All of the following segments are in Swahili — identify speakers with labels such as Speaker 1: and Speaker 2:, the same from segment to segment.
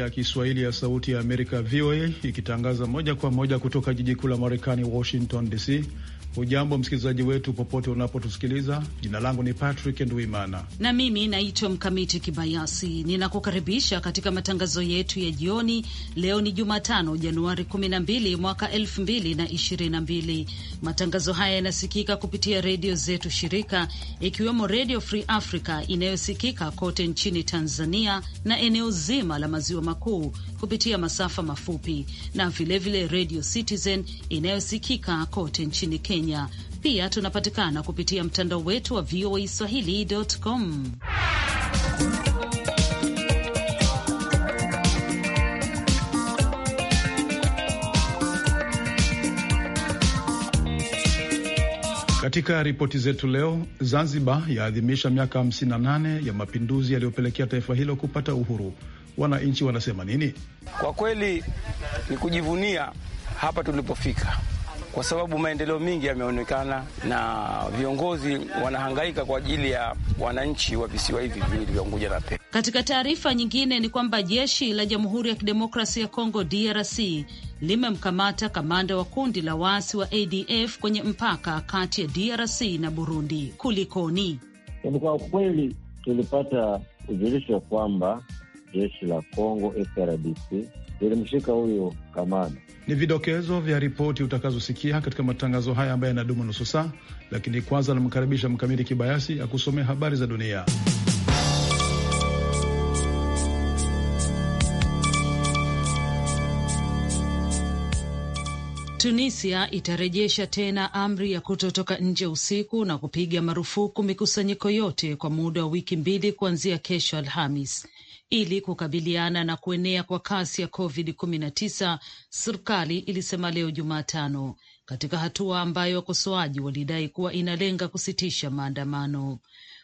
Speaker 1: ya Kiswahili ya Sauti ya Amerika, VOA, ikitangaza moja kwa moja kutoka jiji kuu la Marekani, Washington DC ujambo msikilizaji wetu popote unapotusikiliza. Jina langu ni Patrick nduimana
Speaker 2: na mimi naitwa Mkamiti Kibayasi. Ninakukaribisha katika matangazo yetu ya jioni. Leo ni Jumatano, Januari 12 mwaka 2022. Matangazo haya yanasikika kupitia redio zetu shirika, ikiwemo Redio Free Africa inayosikika kote nchini Tanzania na eneo zima la maziwa makuu kupitia masafa mafupi na vilevile Redio Citizen inayosikika kote nchini Kenya Kenya. Pia tunapatikana kupitia mtandao wetu wa VOA Swahili.com.
Speaker 1: Katika ripoti zetu leo, Zanzibar yaadhimisha miaka 58 ya mapinduzi yaliyopelekea taifa hilo kupata uhuru. Wananchi wanasema nini?
Speaker 3: Kwa kweli ni kujivunia hapa tulipofika kwa sababu maendeleo mengi yameonekana na viongozi wanahangaika kwa ajili ya wananchi wa visiwa hivi viwili vya Unguja na Pemba.
Speaker 2: Katika taarifa nyingine ni kwamba jeshi la Jamhuri ya Kidemokrasia ya Kongo DRC limemkamata kamanda wa kundi la waasi wa ADF kwenye mpaka kati ya DRC na Burundi. Kulikoni?
Speaker 4: Kwa kweli tulipata ujulisho kwamba jeshi la Kongo FRDC ilimshika huyu kamanda.
Speaker 1: Ni vidokezo vya ripoti utakazosikia katika matangazo haya ambayo yanadumu nusu saa, lakini kwanza anamkaribisha Mkamiti Kibayasi akusomea habari za dunia.
Speaker 2: Tunisia itarejesha tena amri ya kutotoka nje usiku na kupiga marufuku mikusanyiko yote kwa muda wa wiki mbili kuanzia kesho Alhamis ili kukabiliana na kuenea kwa kasi ya COVID-19, serikali ilisema leo Jumatano, katika hatua ambayo wakosoaji walidai kuwa inalenga kusitisha maandamano.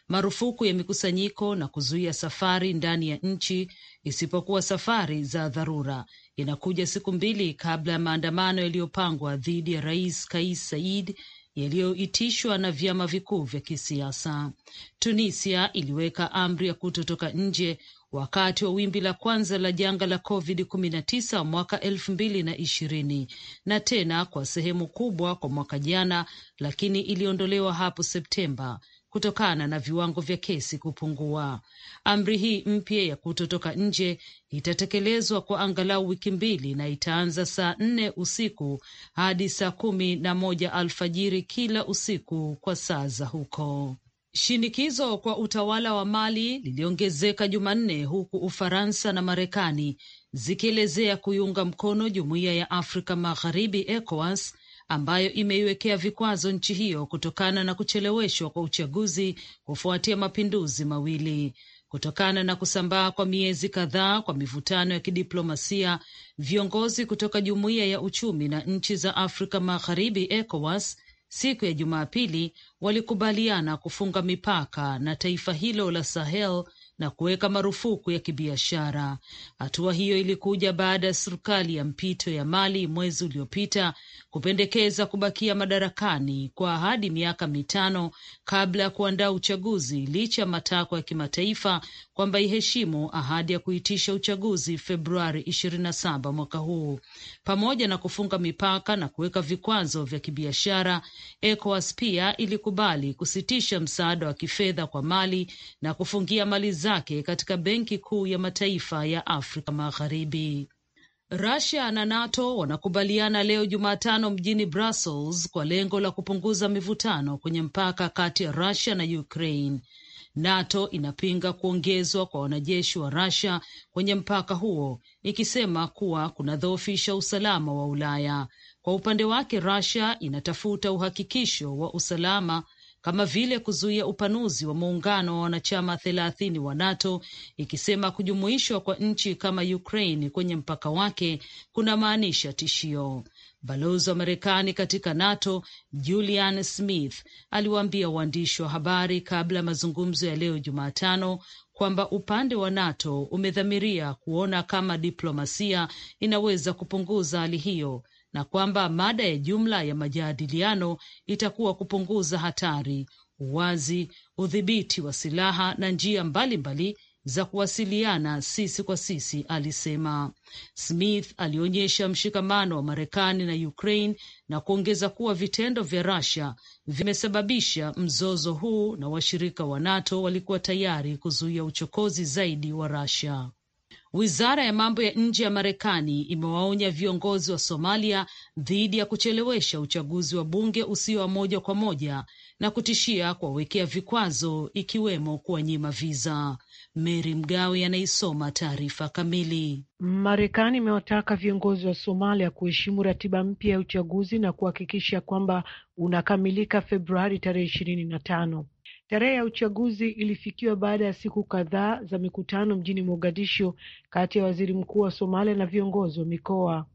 Speaker 2: Marufuku ya mikusanyiko na kuzuia safari ndani ya nchi isipokuwa safari za dharura inakuja siku mbili kabla ya maandamano yaliyopangwa dhidi ya Rais Kais Saied yaliyoitishwa na vyama vikuu vya kisiasa. Tunisia iliweka amri ya kutotoka nje wakati wa wimbi la kwanza la janga la COVID-19 mwaka elfu mbili na ishirini na tena kwa sehemu kubwa kwa mwaka jana, lakini iliondolewa hapo Septemba kutokana na viwango vya kesi kupungua. Amri hii mpya ya kutotoka nje itatekelezwa kwa angalau wiki mbili na itaanza saa nne usiku hadi saa kumi na moja alfajiri kila usiku kwa saa za huko. Shinikizo kwa utawala wa Mali liliongezeka Jumanne huku Ufaransa na Marekani zikielezea kuiunga mkono Jumuiya ya Afrika Magharibi ECOWAS ambayo imeiwekea vikwazo nchi hiyo kutokana na kucheleweshwa kwa uchaguzi kufuatia mapinduzi mawili. Kutokana na kusambaa kwa miezi kadhaa kwa mivutano ya kidiplomasia, viongozi kutoka Jumuiya ya Uchumi na Nchi za Afrika Magharibi ECOWAS siku ya Jumapili walikubaliana kufunga mipaka na taifa hilo la Sahel na kuweka marufuku ya kibiashara. Hatua hiyo ilikuja baada ya serikali ya mpito ya Mali mwezi uliopita kupendekeza kubakia madarakani kwa ahadi miaka mitano kabla ya kuandaa uchaguzi, licha ya matakwa ya kimataifa kwamba iheshimu ahadi ya kuitisha uchaguzi Februari 27 mwaka huu, pamoja na kufunga mipaka na kuweka vikwazo vya kibiashara. ECOWAS pia ilikubali kusitisha msaada wa kifedha kwa Mali na kufungia mali zake katika benki kuu ya mataifa ya Afrika Magharibi. Rusia na NATO wanakubaliana leo Jumatano mjini Brussels kwa lengo la kupunguza mivutano kwenye mpaka kati ya Rusia na Ukraine. NATO inapinga kuongezwa kwa wanajeshi wa Rusia kwenye mpaka huo, ikisema kuwa kunadhoofisha usalama wa Ulaya. Kwa upande wake, Rusia inatafuta uhakikisho wa usalama kama vile kuzuia upanuzi wa muungano wa wanachama thelathini wa NATO, ikisema kujumuishwa kwa nchi kama Ukraine kwenye mpaka wake kuna maanisha tishio. Balozi wa Marekani katika NATO Julian Smith aliwaambia waandishi wa habari kabla ya mazungumzo ya leo Jumatano kwamba upande wa NATO umedhamiria kuona kama diplomasia inaweza kupunguza hali hiyo na kwamba mada ya jumla ya majadiliano itakuwa kupunguza hatari, uwazi, udhibiti wa silaha na njia mbalimbali mbali za kuwasiliana sisi kwa sisi, alisema. Smith alionyesha mshikamano wa Marekani na Ukraine na kuongeza kuwa vitendo vya Russia vimesababisha mzozo huu na washirika wa NATO walikuwa tayari kuzuia uchokozi zaidi wa Russia. Wizara ya mambo ya nje ya Marekani imewaonya viongozi wa Somalia dhidi ya kuchelewesha uchaguzi wa bunge usio wa moja kwa moja na kutishia kuwawekea vikwazo ikiwemo kuwanyima viza. Mary Mgawe anaisoma taarifa kamili.
Speaker 5: Marekani imewataka viongozi wa Somalia kuheshimu ratiba mpya ya uchaguzi na kuhakikisha kwamba unakamilika Februari tarehe ishirini na tano. Tarehe ya uchaguzi ilifikiwa baada ya siku kadhaa za mikutano mjini Mogadishu kati ya waziri mkuu wa Somalia na viongozi wa mikoa.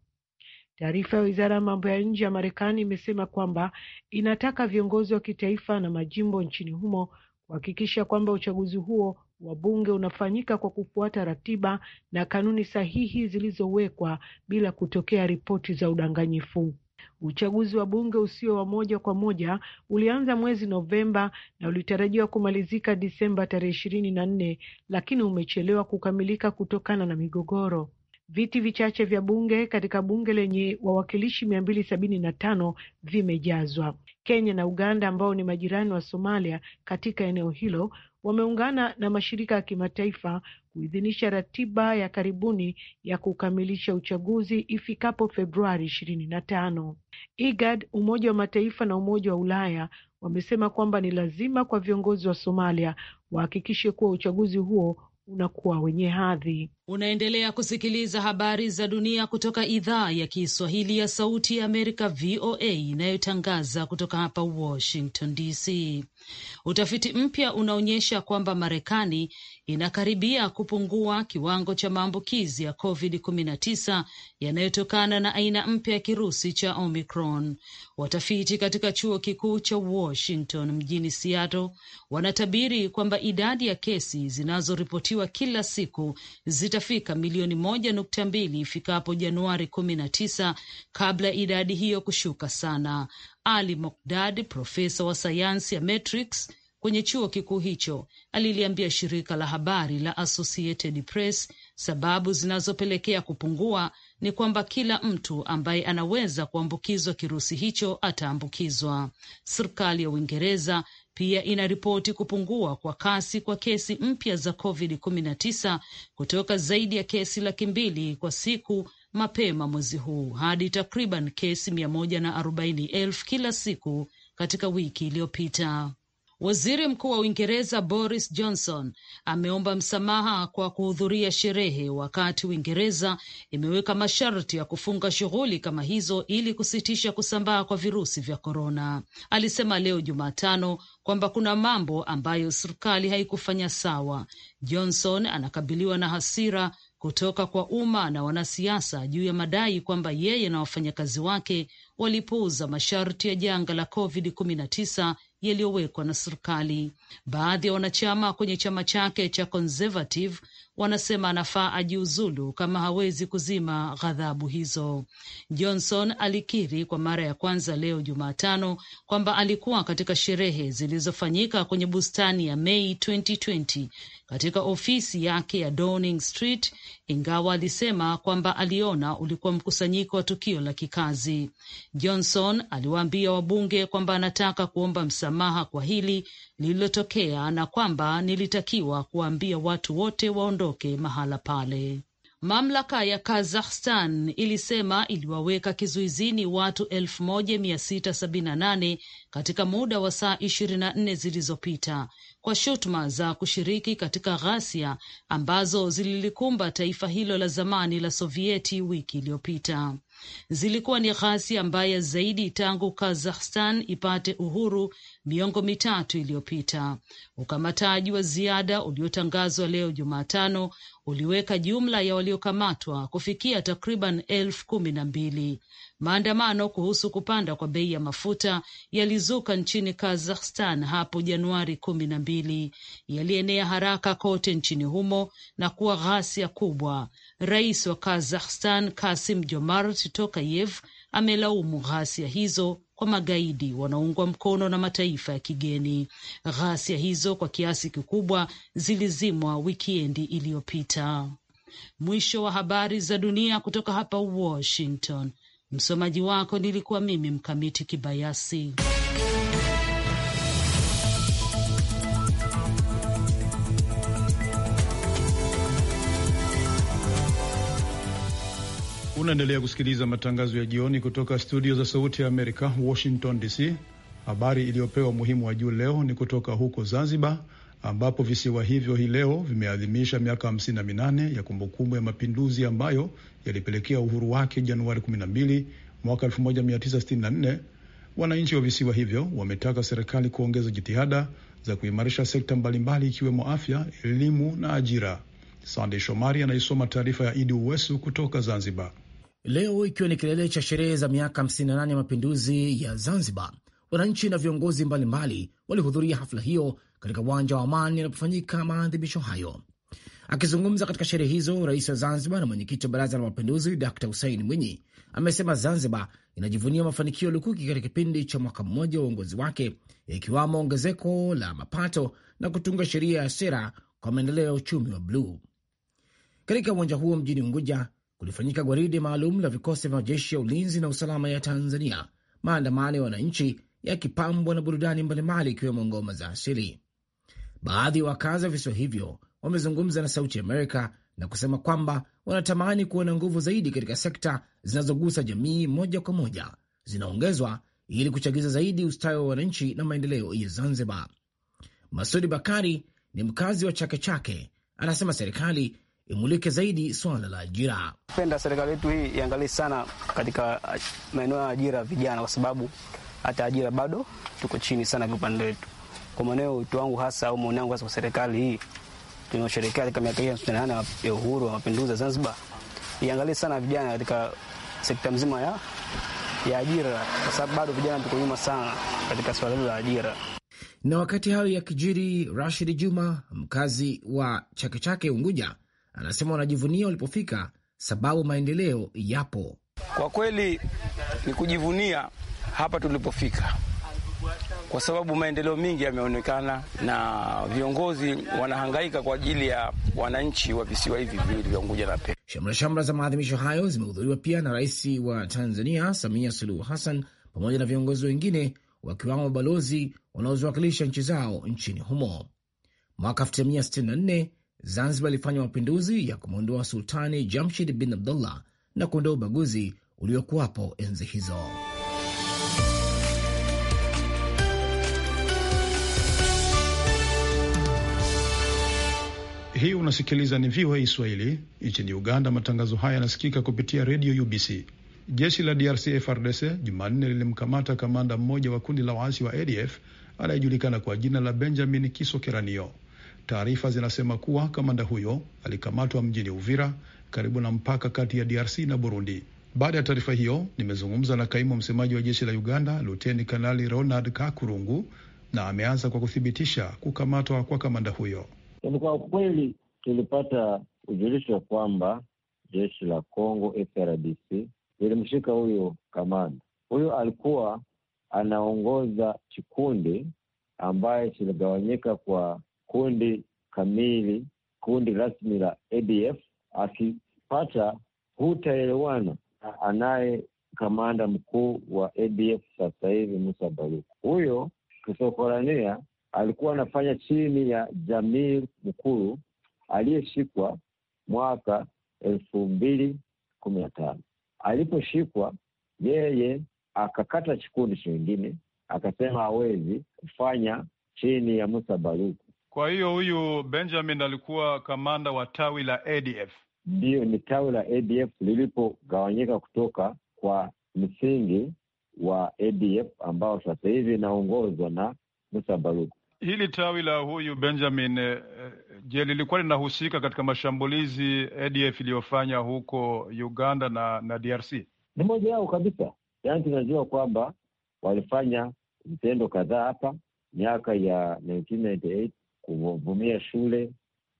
Speaker 5: Taarifa ya wizara ya mambo ya nje ya Marekani imesema kwamba inataka viongozi wa kitaifa na majimbo nchini humo kuhakikisha kwamba uchaguzi huo wa bunge unafanyika kwa kufuata ratiba na kanuni sahihi zilizowekwa bila kutokea ripoti za udanganyifu. Uchaguzi wa bunge usio wa moja kwa moja ulianza mwezi Novemba na ulitarajiwa kumalizika Disemba tarehe ishirini na nne lakini umechelewa kukamilika kutokana na migogoro. Viti vichache vya bunge katika bunge lenye wawakilishi mia mbili sabini na tano vimejazwa. Kenya na Uganda ambao ni majirani wa Somalia katika eneo hilo wameungana na mashirika ya kimataifa kuidhinisha ratiba ya karibuni ya kukamilisha uchaguzi ifikapo Februari ishirini na tano. IGAD, Umoja wa Mataifa na Umoja wa Ulaya wamesema kwamba ni lazima kwa viongozi wa Somalia wahakikishe kuwa uchaguzi huo unakuwa wenye hadhi.
Speaker 2: Unaendelea kusikiliza habari za dunia kutoka idhaa ya Kiswahili ya Sauti ya Amerika, VOA, inayotangaza kutoka hapa Washington DC. Utafiti mpya unaonyesha kwamba Marekani inakaribia kupungua kiwango cha maambukizi ya COVID-19 yanayotokana na aina mpya ya kirusi cha Omicron. Watafiti katika chuo kikuu cha Washington mjini Seattle wanatabiri kwamba idadi ya kesi zinazoripotiwa kila siku zita itafika milioni moja nukta mbili ifikapo Januari kumi na tisa kabla idadi hiyo kushuka sana. Ali Mokdad, profesa wa sayansi ya metrics kwenye chuo kikuu hicho, aliliambia shirika la habari la Associated Press sababu zinazopelekea kupungua ni kwamba kila mtu ambaye anaweza kuambukizwa kirusi hicho ataambukizwa. Serikali ya Uingereza pia inaripoti kupungua kwa kasi kwa kesi mpya za COVID-19 kutoka zaidi ya kesi laki mbili kwa siku mapema mwezi huu hadi takriban kesi mia moja na arobaini elfu kila siku katika wiki iliyopita. Waziri Mkuu wa Uingereza Boris Johnson ameomba msamaha kwa kuhudhuria sherehe wakati Uingereza imeweka masharti ya kufunga shughuli kama hizo ili kusitisha kusambaa kwa virusi vya korona. Alisema leo Jumatano kwamba kuna mambo ambayo serikali haikufanya sawa. Johnson anakabiliwa na hasira kutoka kwa umma na wanasiasa juu ya madai kwamba yeye na wafanyakazi wake walipuuza masharti ya janga la COVID-19 yaliyowekwa na serikali. Baadhi ya wanachama kwenye chama chake cha Conservative wanasema anafaa ajiuzulu kama hawezi kuzima ghadhabu hizo. Johnson alikiri kwa mara ya kwanza leo Jumatano kwamba alikuwa katika sherehe zilizofanyika kwenye bustani ya Mei 2020 katika ofisi yake ya Downing Street, ingawa alisema kwamba aliona ulikuwa mkusanyiko wa tukio la kikazi. Johnson aliwaambia wabunge kwamba anataka kuomba msamaha kwa hili lililotokea na kwamba nilitakiwa kuwaambia watu wote waondoke mahala pale. Mamlaka ya Kazakhstan ilisema iliwaweka kizuizini watu 1678 katika muda wa saa 24 zilizopita kwa shutuma za kushiriki katika ghasia ambazo zililikumba taifa hilo la zamani la Sovieti wiki iliyopita zilikuwa ni ghasia mbaya zaidi tangu Kazakhstan ipate uhuru miongo mitatu iliyopita. Ukamataji wa ziada uliotangazwa leo Jumatano uliweka jumla ya waliokamatwa kufikia takriban elfu kumi na mbili. Maandamano kuhusu kupanda kwa bei ya mafuta yalizuka nchini Kazakhstan hapo Januari kumi na mbili, yalienea haraka kote nchini humo na kuwa ghasia kubwa. Rais wa Kazakhstan Kasim Jomart Tokayev amelaumu ghasia hizo kwa magaidi wanaungwa mkono na mataifa ya kigeni. Ghasia hizo kwa kiasi kikubwa zilizimwa wikiendi iliyopita. Mwisho wa habari za dunia kutoka hapa Washington. Msomaji wako nilikuwa mimi Mkamiti Kibayasi.
Speaker 1: Unaendelea kusikiliza matangazo ya jioni kutoka studio za Sauti ya Amerika, Washington DC. Habari iliyopewa umuhimu wa juu leo ni kutoka huko Zanzibar, ambapo visiwa hivyo hii leo vimeadhimisha miaka 58 ya kumbukumbu ya mapinduzi ambayo yalipelekea uhuru wake Januari 12 mwaka 1964. Wananchi wa visiwa hivyo wametaka serikali kuongeza jitihada za kuimarisha sekta mbalimbali ikiwemo afya, elimu na ajira. Sandey Shomari anaisoma taarifa ya Idi
Speaker 6: Uwesu kutoka Zanzibar. Leo ikiwa ni kilele cha sherehe za miaka 58 ya mapinduzi ya Zanzibar, wananchi na viongozi mbalimbali walihudhuria hafla hiyo katika uwanja wa Amani yanapofanyika maadhimisho hayo. Akizungumza katika sherehe hizo, rais wa Zanzibar na mwenyekiti wa Baraza la Mapinduzi Dr Hussein Mwinyi amesema Zanzibar inajivunia mafanikio lukuki katika kipindi cha mwaka mmoja wa uongozi wake, ikiwamo ongezeko la mapato na kutunga sheria ya sera kwa maendeleo ya uchumi wa bluu. Katika uwanja huo mjini Unguja kulifanyika gwaridi maalum la vikosi vya majeshi ya ulinzi na usalama ya Tanzania, maandamano ya wananchi yakipambwa na burudani mbalimbali ikiwemo ngoma za asili. Baadhi ya wakazi wa visiwa hivyo wamezungumza na Sauti Amerika na kusema kwamba wanatamani kuona nguvu zaidi katika sekta zinazogusa jamii moja kwa moja zinaongezwa ili kuchagiza zaidi ustawi wa wananchi na maendeleo ya Zanzibar. Masudi Bakari ni mkazi wa Chake Chake, anasema serikali imulike zaidi swala la ajira. Penda serikali yetu hii iangalie sana katika uh, maeneo ya ajira vijana, kwa sababu hata ajira bado tuko chini sana kwa upande wetu. Kwa maeneo wetu wangu hasa au maoni yangu hasa kwa serikali hii tunaosherekea katika miaka hii ya hamsini na nane ya uhuru wa mapinduzi ya Zanzibar iangalie sana vijana katika sekta mzima ya, ya ajira, kwa sababu bado vijana tuko nyuma sana katika suala hilo la ajira. Na wakati hayo ya kijiri, Rashid Juma mkazi wa Chake Chake Unguja anasema wanajivunia walipofika, sababu maendeleo yapo.
Speaker 3: Kwa kweli ni kujivunia hapa tulipofika kwa sababu maendeleo mingi yameonekana na viongozi wanahangaika kwa ajili ya wananchi wa visiwa hivi viwili vya Unguja na Pemba. Shamra
Speaker 6: shamra za maadhimisho hayo zimehudhuriwa pia na Rais wa Tanzania Samia Suluhu Hassan pamoja na viongozi wengine wakiwamo mabalozi wanaoziwakilisha nchi zao nchini humo. Mwaka 1964 Zanzibar ilifanya mapinduzi ya kumwondoa Sultani Jamshid bin Abdullah na kuondoa ubaguzi uliokuwapo enzi hizo.
Speaker 1: unasikiliza ni VOA Swahili. Nchini Uganda, matangazo haya yanasikika kupitia redio UBC. Jeshi la DRC frdc Jumanne lilimkamata kamanda mmoja wa kundi la waasi wa ADF anayejulikana kwa jina la Benjamin Kiso Keranio. Taarifa zinasema kuwa kamanda huyo alikamatwa mjini Uvira karibu na mpaka kati ya DRC na Burundi. Baada ya taarifa hiyo, nimezungumza na kaimu msemaji wa jeshi la Uganda Luteni Kanali Ronald Kakurungu, na ameanza kwa kuthibitisha kukamatwa kwa kamanda
Speaker 4: huyo. Ni kwa kweli tulipata ujulisho kwamba jeshi la Congo FRDC lilimshika huyu kamanda. Huyu alikuwa anaongoza kikundi ambaye kiligawanyika kwa kundi kamili, kundi rasmi la ADF. Akipata hutaelewana anaye kamanda mkuu wa ADF sasa hivi Musa Baruku, huyo kisokorania alikuwa anafanya chini ya Jamil Mkuru aliyeshikwa mwaka elfu mbili kumi na tano. Aliposhikwa yeye akakata chikundi chingine, akasema hawezi kufanya chini ya Musa Baruku.
Speaker 1: Kwa hiyo huyu Benjamin alikuwa kamanda wa tawi la ADF.
Speaker 4: Ndiyo, ni tawi la ADF lilipogawanyika kutoka kwa msingi wa ADF ambao sasa hivi inaongozwa na Musa Baruku
Speaker 1: hili tawi la huyu Benjamin, eh, je, lilikuwa linahusika katika mashambulizi ADF iliyofanya huko Uganda na na DRC?
Speaker 4: Ni moja yao kabisa, yaani tunajua kwamba walifanya vitendo kadhaa hapa miaka ya 1998 kuvamia shule,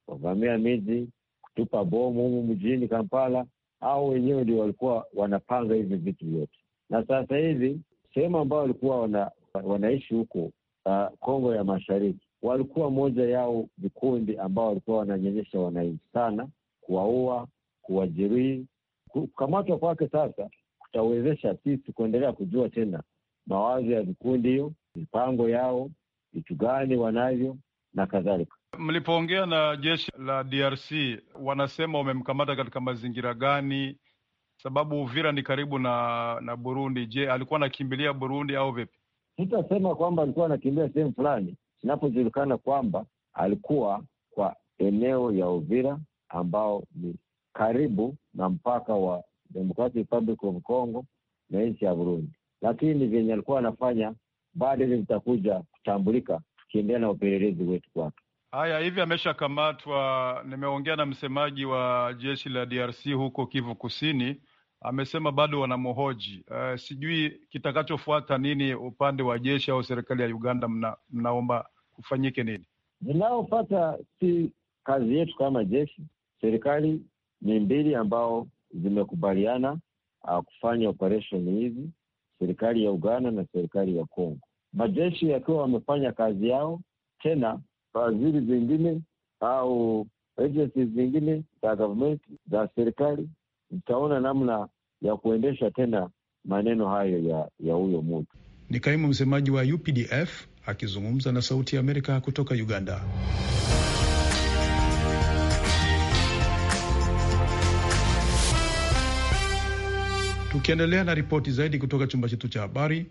Speaker 4: kuvamia miji, kutupa bomu humu mjini Kampala. au wenyewe ndio walikuwa wanapanga hivi vitu vyote, na sasa hivi sehemu ambayo walikuwa wana, wanaishi huko uh, Kongo ya Mashariki walikuwa moja yao vikundi ambao walikuwa wananyenyesha wananchi sana, kuwaua, kuwajeruhi. Kukamatwa kwake sasa kutawezesha sisi kuendelea kujua tena mawazo ya vikundi hiyo, mipango yao, vitu gani wanavyo na kadhalika.
Speaker 1: Mlipoongea na jeshi la DRC, wanasema wamemkamata katika mazingira gani? Sababu Uvira ni karibu na na Burundi. Je, alikuwa anakimbilia Burundi au vipi?
Speaker 4: Sitasema kwamba alikuwa anakimbia sehemu fulani, inapojulikana kwamba alikuwa kwa eneo ya Uvira ambao ni karibu na mpaka wa Democratic Republic of Congo na nchi ya Burundi, lakini vyenye alikuwa anafanya baada hivi vitakuja kutambulika tukiendelea na upelelezi wetu kwake.
Speaker 1: Haya, hivi ameshakamatwa. Nimeongea na msemaji wa jeshi la DRC huko Kivu Kusini, amesema bado wanamhoji. Uh, sijui kitakachofuata nini upande wa jeshi au serikali ya Uganda, mna, mnaomba kufanyike nini?
Speaker 4: Zinaopata si kazi yetu kama jeshi. Serikali ni mbili ambao zimekubaliana uh, kufanya operesheni hizi, serikali ya Uganda na serikali ya Kongo. Majeshi yakiwa wamefanya kazi yao, tena waziri zingine au agencies zingine za government za serikali zitaona namna ya kuendesha tena maneno hayo ya ya huyo mtu.
Speaker 1: Ni kaimu msemaji wa UPDF akizungumza na Sauti ya Amerika kutoka Uganda. Tukiendelea na ripoti zaidi kutoka chumba chetu cha habari.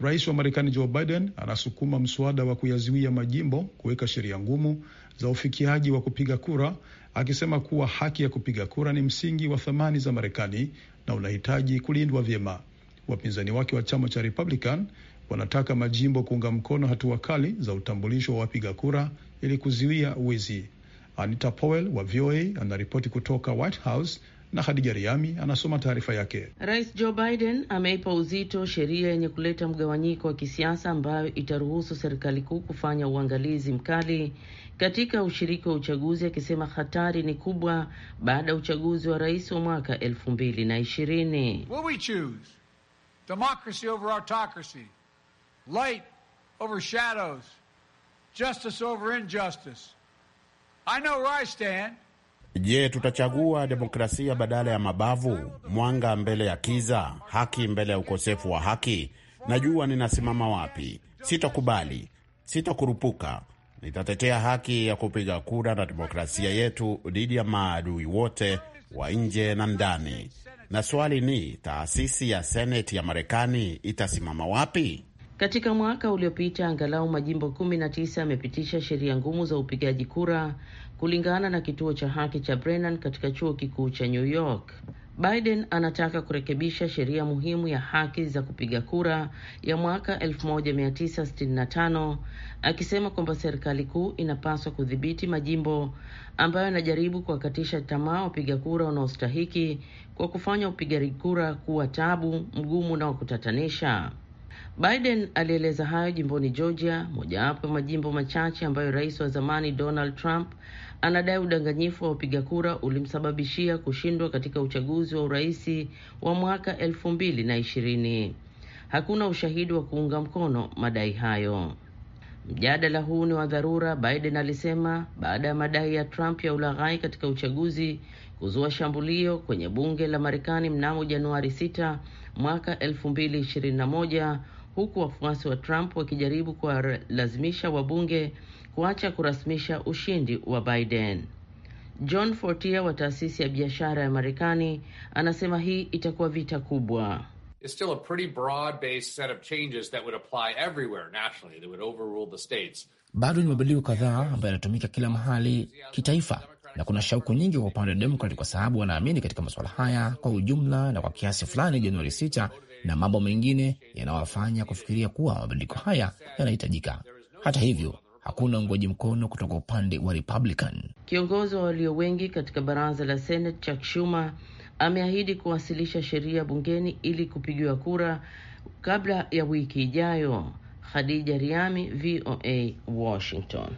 Speaker 1: Rais wa Marekani Joe Biden anasukuma mswada wa kuyazuia majimbo kuweka sheria ngumu za ufikiaji wa kupiga kura, akisema kuwa haki ya kupiga kura ni msingi wa thamani za Marekani na unahitaji kulindwa vyema. Wapinzani wake wa chama cha Republican wanataka majimbo kuunga mkono hatua kali za utambulisho wa wapiga kura ili kuzuia wizi. Anita Powell wa VOA anaripoti kutoka White House na Khadija Riami anasoma taarifa yake.
Speaker 7: Rais Joe Biden ameipa uzito sheria yenye kuleta mgawanyiko wa kisiasa ambayo itaruhusu serikali kuu kufanya uangalizi mkali katika ushiriki wa uchaguzi, akisema hatari ni kubwa baada ya uchaguzi wa rais wa mwaka elfu mbili na ishirini.
Speaker 1: I know where I stand.
Speaker 4: Je, tutachagua demokrasia badala ya mabavu, mwanga mbele ya kiza, haki mbele ya ukosefu wa haki? Najua ninasimama wapi. Sitakubali, sitakurupuka. Nitatetea haki ya kupiga kura na demokrasia yetu dhidi ya maadui wote wa nje na ndani. Na swali ni taasisi ya seneti ya Marekani itasimama wapi?
Speaker 7: Katika mwaka uliopita, angalau majimbo 19 yamepitisha sheria ngumu za upigaji kura kulingana na kituo cha haki cha Brennan katika chuo kikuu cha New York. Biden anataka kurekebisha sheria muhimu ya haki za kupiga kura ya mwaka 1965 akisema kwamba serikali kuu inapaswa kudhibiti majimbo ambayo yanajaribu kuwakatisha tamaa wapiga kura wanaostahiki kwa kufanya upigaji kura kuwa tabu, mgumu na wa kutatanisha. Biden alieleza hayo jimboni Georgia, mojawapo ya majimbo machache ambayo rais wa zamani Donald Trump anadai udanganyifu wa wapiga kura ulimsababishia kushindwa katika uchaguzi wa uraisi wa mwaka elfu mbili na ishirini. Hakuna ushahidi wa kuunga mkono madai hayo. Mjadala huu ni wa dharura, Biden alisema baada ya madai ya Trump ya ulaghai katika uchaguzi kuzua shambulio kwenye bunge la Marekani mnamo Januari 6 mwaka 2021 huku wafuasi wa Trump wakijaribu kuwalazimisha wabunge kuacha kurasmisha ushindi wa Biden. John Fortier wa taasisi ya biashara ya Marekani anasema hii itakuwa vita kubwa. Bado ni mabadiliko kadhaa ambayo
Speaker 6: yanatumika kila mahali kitaifa, na kuna shauku nyingi kwa upande wa Demokrati kwa sababu wanaamini katika masuala haya kwa ujumla, na kwa kiasi fulani Januari 6 na mambo mengine yanawafanya kufikiria kuwa mabadiliko haya yanahitajika. Hata hivyo hakuna uungwaji mkono kutoka upande wa Republican.
Speaker 7: Kiongozi wa walio wengi katika baraza la Senate Chuck Schumer ameahidi kuwasilisha sheria bungeni ili kupigiwa kura kabla ya wiki ijayo. Khadija Riami, VOA, Washington.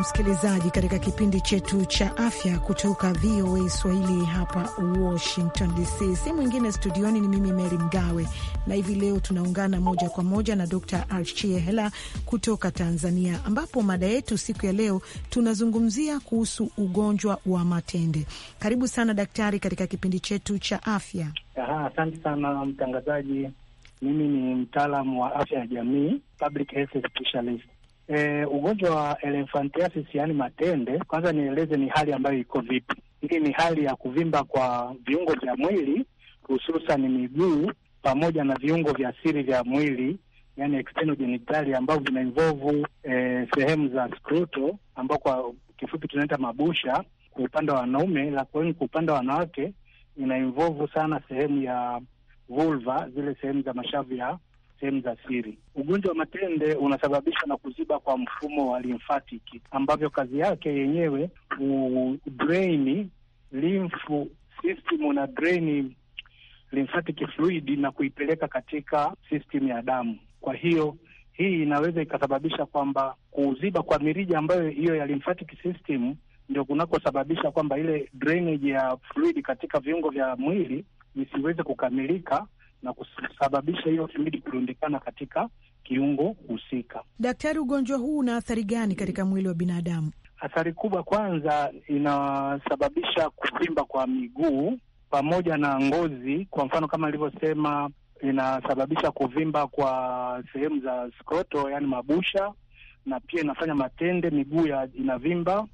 Speaker 5: msikilizaji, katika kipindi chetu cha afya kutoka VOA Swahili hapa Washington DC. Si mwingine studioni ni mimi mery Mgawe, na hivi leo tunaungana moja kwa moja na Dr Archie Hela kutoka Tanzania, ambapo mada yetu siku ya leo tunazungumzia kuhusu ugonjwa wa matende. Karibu sana daktari katika kipindi chetu cha afya.
Speaker 3: Asante sana mtangazaji. Mimi ni mtaalamu wa afya ya jamii, public health specialist E, ugonjwa wa elephantiasis yaani matende, kwanza nieleze ni hali ambayo iko vipi. Hii ni hali ya kuvimba kwa viungo vya mwili hususan miguu pamoja na viungo vya siri vya mwili yani external genitalia ambavyo vina involve e, sehemu za scroto ambao kwa kifupi tunaita mabusha kwa upande wa wanaume, lakini kwa upande wa wanawake ina involve sana sehemu ya vulva, zile sehemu za mashavu ya sehemu za siri. Ugonjwa wa matende unasababishwa na kuziba kwa mfumo wa limfatiki, ambavyo kazi yake yenyewe udraini limfu system na draini lymphatic fluid na kuipeleka katika system ya damu. Kwa hiyo hii inaweza ikasababisha kwamba kuziba kwa mirija ambayo hiyo ya lymphatic system ndio kunakosababisha kwamba ile drainage ya fluid katika viungo vya mwili isiweze kukamilika na kusababisha hiyo fluidi kurundikana katika kiungo husika.
Speaker 5: Daktari, ugonjwa huu una athari gani katika mwili wa binadamu?
Speaker 3: Athari kubwa, kwanza inasababisha kuvimba kwa miguu pamoja na ngozi. Kwa mfano kama ilivyosema inasababisha kuvimba kwa sehemu za skroto, yaani mabusha, na pia inafanya matende, miguu ya inavimba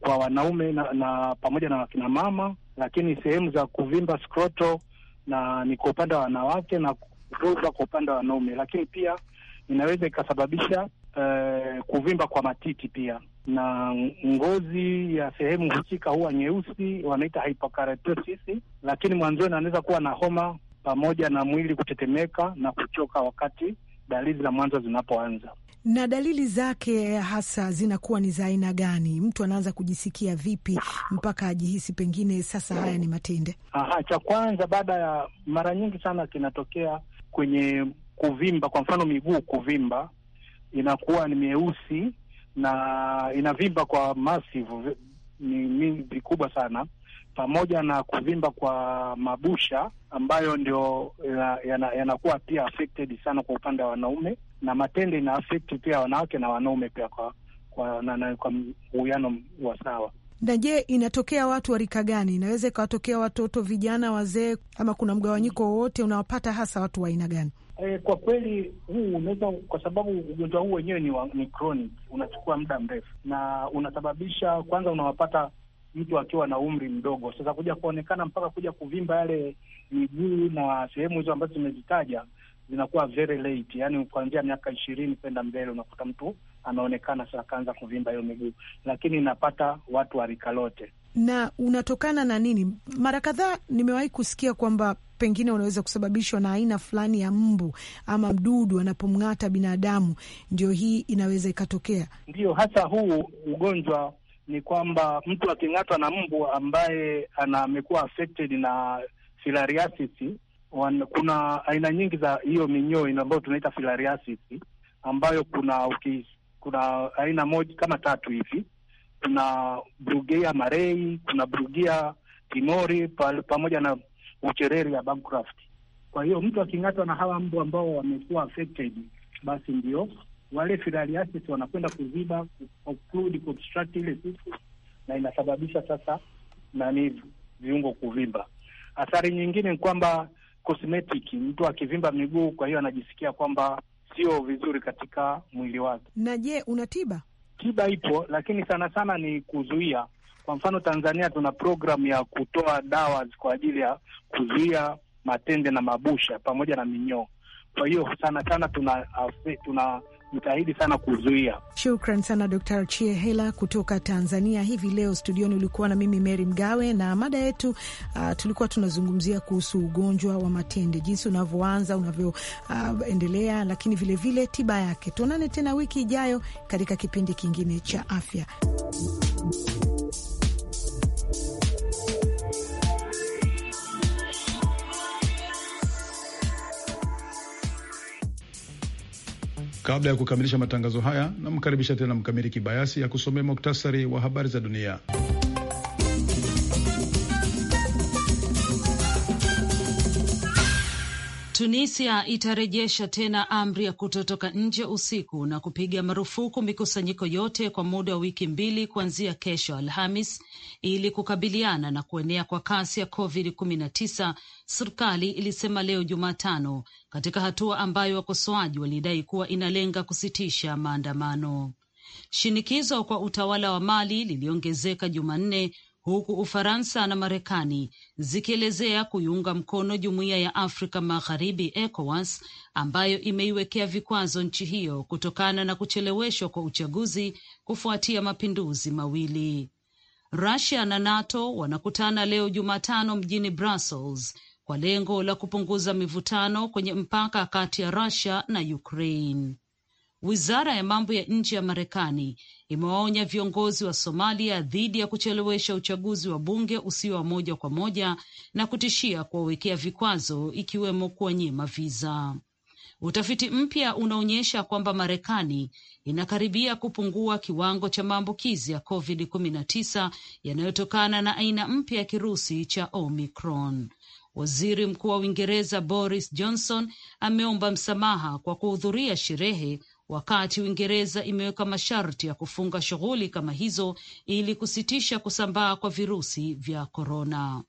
Speaker 3: kwa wanaume na, na pamoja na wakina mama, lakini sehemu za kuvimba skroto na ni kwa upande wa wanawake na ruba kwa upande wa wanaume, lakini pia inaweza ikasababisha uh, kuvimba kwa matiti pia na ngozi ya sehemu husika huwa nyeusi, wanaita hyperkeratosis, lakini mwanzoni anaweza kuwa na homa pamoja na mwili kutetemeka na kuchoka wakati dalili za mwanzo zinapoanza
Speaker 5: na dalili zake hasa zinakuwa ni za aina gani? Mtu anaanza kujisikia vipi mpaka ajihisi pengine sasa haya ni matende?
Speaker 3: Aha, cha kwanza baada ya mara nyingi sana kinatokea kwenye kuvimba, kwa mfano miguu kuvimba, inakuwa ni mieusi na inavimba kwa massive, ni vikubwa sana, pamoja na kuvimba kwa mabusha ambayo ndio yanakuwa ya, ya pia affected sana kwa upande wa wanaume na matendo ina affect pia wanawake na wanaume pia kwa kwa na, na, kwa uwiano wa sawa.
Speaker 5: Na je, inatokea watu wa rika gani? Inaweza ikawatokea watoto, vijana, wazee, ama kuna mgawanyiko wowote? Unawapata hasa watu wa aina gani?
Speaker 3: E, kwa kweli huu unaweza, kwa sababu ugonjwa huu wenyewe ni, ni chronic, unachukua muda mrefu na unasababisha kwanza, unawapata mtu akiwa na umri mdogo. Sasa kuja kuonekana mpaka kuja kuvimba yale miguu na sehemu hizo ambazo zimezitaja zinakuwa very late, yani kuanzia miaka ishirini kwenda mbele unakuta mtu anaonekana sasa akaanza kuvimba hiyo miguu, lakini inapata watu wa rika lote.
Speaker 5: Na unatokana na nini? Mara kadhaa nimewahi kusikia kwamba pengine unaweza kusababishwa na aina fulani ya mbu ama mdudu anapomng'ata binadamu, ndio hii inaweza ikatokea.
Speaker 3: ndio hasa huu ugonjwa ni kwamba mtu aking'atwa na mbu ambaye amekuwa affected na filariasis wan, kuna aina nyingi za hiyo minyoo ambayo tunaita filariasis ambayo kuna uki, kuna aina moja kama tatu hivi. Kuna Brugia marei, kuna Brugia timori pamoja na Uchereri ya bancraft Kwa hiyo mtu aking'atwa na hawa mbu ambao wamekuwa affected, basi ndio wale filariasis wanakwenda kuziba, obstrude, ile siku na inasababisha sasa nani viungo kuvimba. Athari nyingine ni kwamba cosmetic, mtu akivimba miguu, kwa hiyo anajisikia kwamba sio vizuri katika mwili wake.
Speaker 5: Na je, una tiba?
Speaker 3: Tiba ipo, lakini sana sana ni kuzuia. Kwa mfano, Tanzania tuna programu ya kutoa dawa kwa ajili ya kuzuia matende na mabusha pamoja na minyoo. Kwa hiyo sana sana tuna, tuna jitahidi sana kuzuia.
Speaker 5: Shukran sana Dr. Chie Hela kutoka Tanzania. Hivi leo studioni ulikuwa na mimi Mary Mgawe, na mada yetu uh, tulikuwa tunazungumzia kuhusu ugonjwa wa matende, jinsi unavyoanza unavyoendelea, uh, lakini vilevile vile tiba yake. Tuonane tena wiki ijayo katika kipindi kingine cha afya.
Speaker 1: Kabla ya kukamilisha matangazo haya, namkaribisha tena Mkamili Kibayasi kusomea muktasari wa habari za dunia.
Speaker 2: Tunisia itarejesha tena amri ya kutotoka nje usiku na kupiga marufuku mikusanyiko yote kwa muda wa wiki mbili kuanzia kesho Alhamis ili kukabiliana na kuenea kwa kasi ya COVID-19, serikali ilisema leo Jumatano, katika hatua ambayo wakosoaji walidai kuwa inalenga kusitisha maandamano. Shinikizo kwa utawala wa Mali liliongezeka Jumanne huku Ufaransa na Marekani zikielezea kuiunga mkono Jumuiya ya Afrika Magharibi ECOWAS ambayo imeiwekea vikwazo nchi hiyo kutokana na kucheleweshwa kwa uchaguzi kufuatia mapinduzi mawili. Rusia na NATO wanakutana leo Jumatano mjini Brussels kwa lengo la kupunguza mivutano kwenye mpaka kati ya Rusia na Ukraine. Wizara ya mambo ya nje ya Marekani imewaonya viongozi wa Somalia dhidi ya kuchelewesha uchaguzi wa bunge usio wa moja kwa moja na kutishia kuwawekea vikwazo ikiwemo kuwanyima viza. Utafiti mpya unaonyesha kwamba Marekani inakaribia kupungua kiwango cha maambukizi ya COVID-19 yanayotokana na aina mpya ya kirusi cha Omicron. Waziri Mkuu wa Uingereza Boris Johnson ameomba msamaha kwa kuhudhuria sherehe wakati Uingereza imeweka masharti ya kufunga shughuli kama hizo ili kusitisha kusambaa kwa virusi vya korona.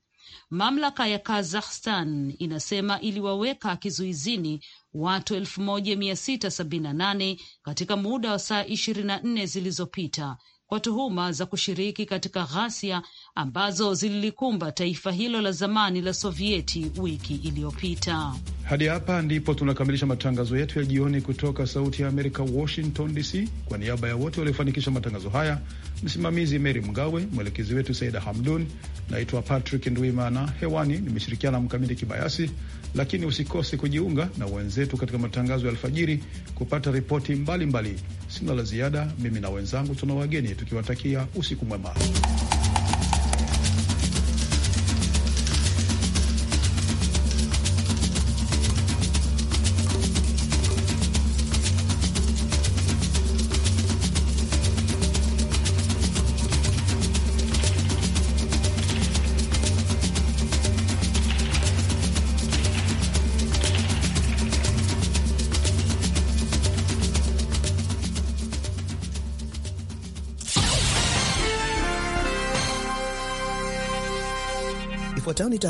Speaker 2: Mamlaka ya Kazakhstan inasema iliwaweka kizuizini watu 1678 katika muda wa saa 24 zilizopita kwa tuhuma za kushiriki katika ghasia ambazo zililikumba taifa hilo la zamani la Sovieti wiki iliyopita.
Speaker 1: Hadi hapa ndipo tunakamilisha matangazo yetu ya jioni kutoka Sauti ya Amerika, Washington DC. Kwa niaba ya wote waliofanikisha matangazo haya Msimamizi Meri Mgawe, mwelekezi wetu Saida Hamdun. Naitwa Patrick Ndwimana, hewani nimeshirikiana na Mkamiti Kibayasi, lakini usikose kujiunga na wenzetu katika matangazo ya alfajiri kupata ripoti mbalimbali. Sina la ziada, mimi na wenzangu tuna wageni tukiwatakia usiku mwema.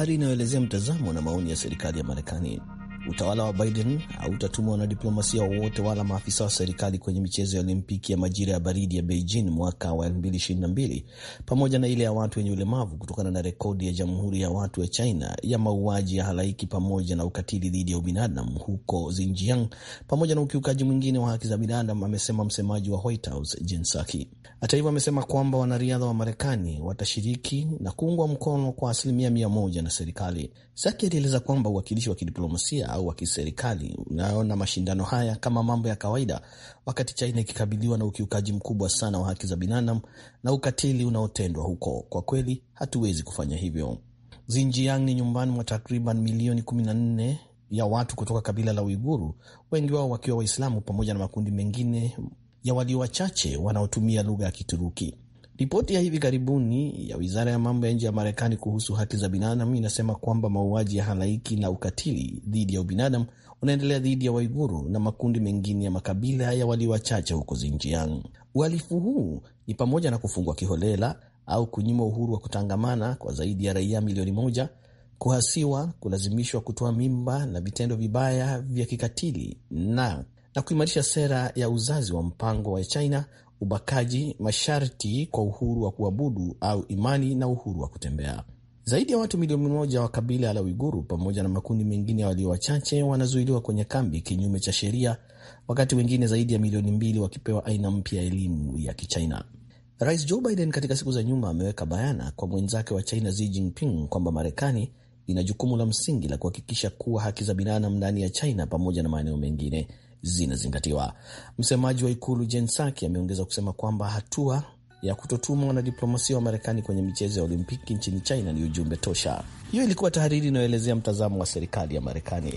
Speaker 8: habari inayoelezea mtazamo na maoni ya serikali ya Marekani. Utawala wa Biden hautatuma wanadiplomasia wowote wala maafisa wa serikali kwenye michezo ya Olimpiki ya majira ya baridi ya Beijing mwaka wa 2022 pamoja na ile ya watu wenye ulemavu kutokana na rekodi ya Jamhuri ya Watu ya China ya mauaji ya halaiki pamoja na ukatili dhidi ya ubinadamu huko Xinjiang pamoja na ukiukaji mwingine wa haki za binadamu, amesema msemaji wa White House Jen Psaki. Hata hivyo, amesema kwamba wanariadha wa Marekani watashiriki na kuungwa mkono kwa asilimia mia moja na serikali. Zaki alieleza kwamba uwakilishi wa kidiplomasia au wa kiserikali unaona mashindano haya kama mambo ya kawaida, wakati China ikikabiliwa na ukiukaji mkubwa sana wa haki za binadamu na ukatili unaotendwa huko. Kwa kweli hatuwezi kufanya hivyo. Xinjiang ni nyumbani mwa takriban milioni 14 ya watu kutoka kabila la Uiguru, wengi wao wakiwa Waislamu, pamoja na makundi mengine ya walio wachache wanaotumia lugha ya Kituruki. Ripoti ya hivi karibuni ya wizara ya mambo ya nje ya Marekani kuhusu haki za binadamu inasema kwamba mauaji ya halaiki na ukatili dhidi ya ubinadamu unaendelea dhidi ya Waiguru na makundi mengine ya makabila ya walio wachache huko Zinjiang. Uhalifu huu ni pamoja na kufungwa kiholela au kunyimwa uhuru wa kutangamana kwa zaidi ya raia milioni moja, kuhasiwa, kulazimishwa kutoa mimba na vitendo vibaya vya kikatili na na kuimarisha sera ya uzazi wa mpango wa China ubakaji, masharti kwa uhuru wa kuabudu au imani na uhuru wa kutembea. Zaidi ya watu milioni moja wa kabila la Uiguru pamoja na makundi mengine walio wachache wanazuiliwa kwenye kambi kinyume cha sheria, wakati wengine zaidi ya milioni mbili wakipewa aina mpya ya elimu ya Kichina. Rais Joe Biden katika siku za nyuma ameweka bayana kwa mwenzake wa China Xi Jinping kwamba Marekani ina jukumu la msingi la kuhakikisha kuwa haki za binadamu ndani ya China pamoja na maeneo mengine zinazingatiwa. Msemaji wa ikulu Jen Psaki ameongeza kusema kwamba hatua ya kutotuma wanadiplomasia wa Marekani kwenye michezo ya Olimpiki nchini China ni ujumbe tosha. Hiyo ilikuwa tahariri inayoelezea mtazamo wa serikali ya Marekani.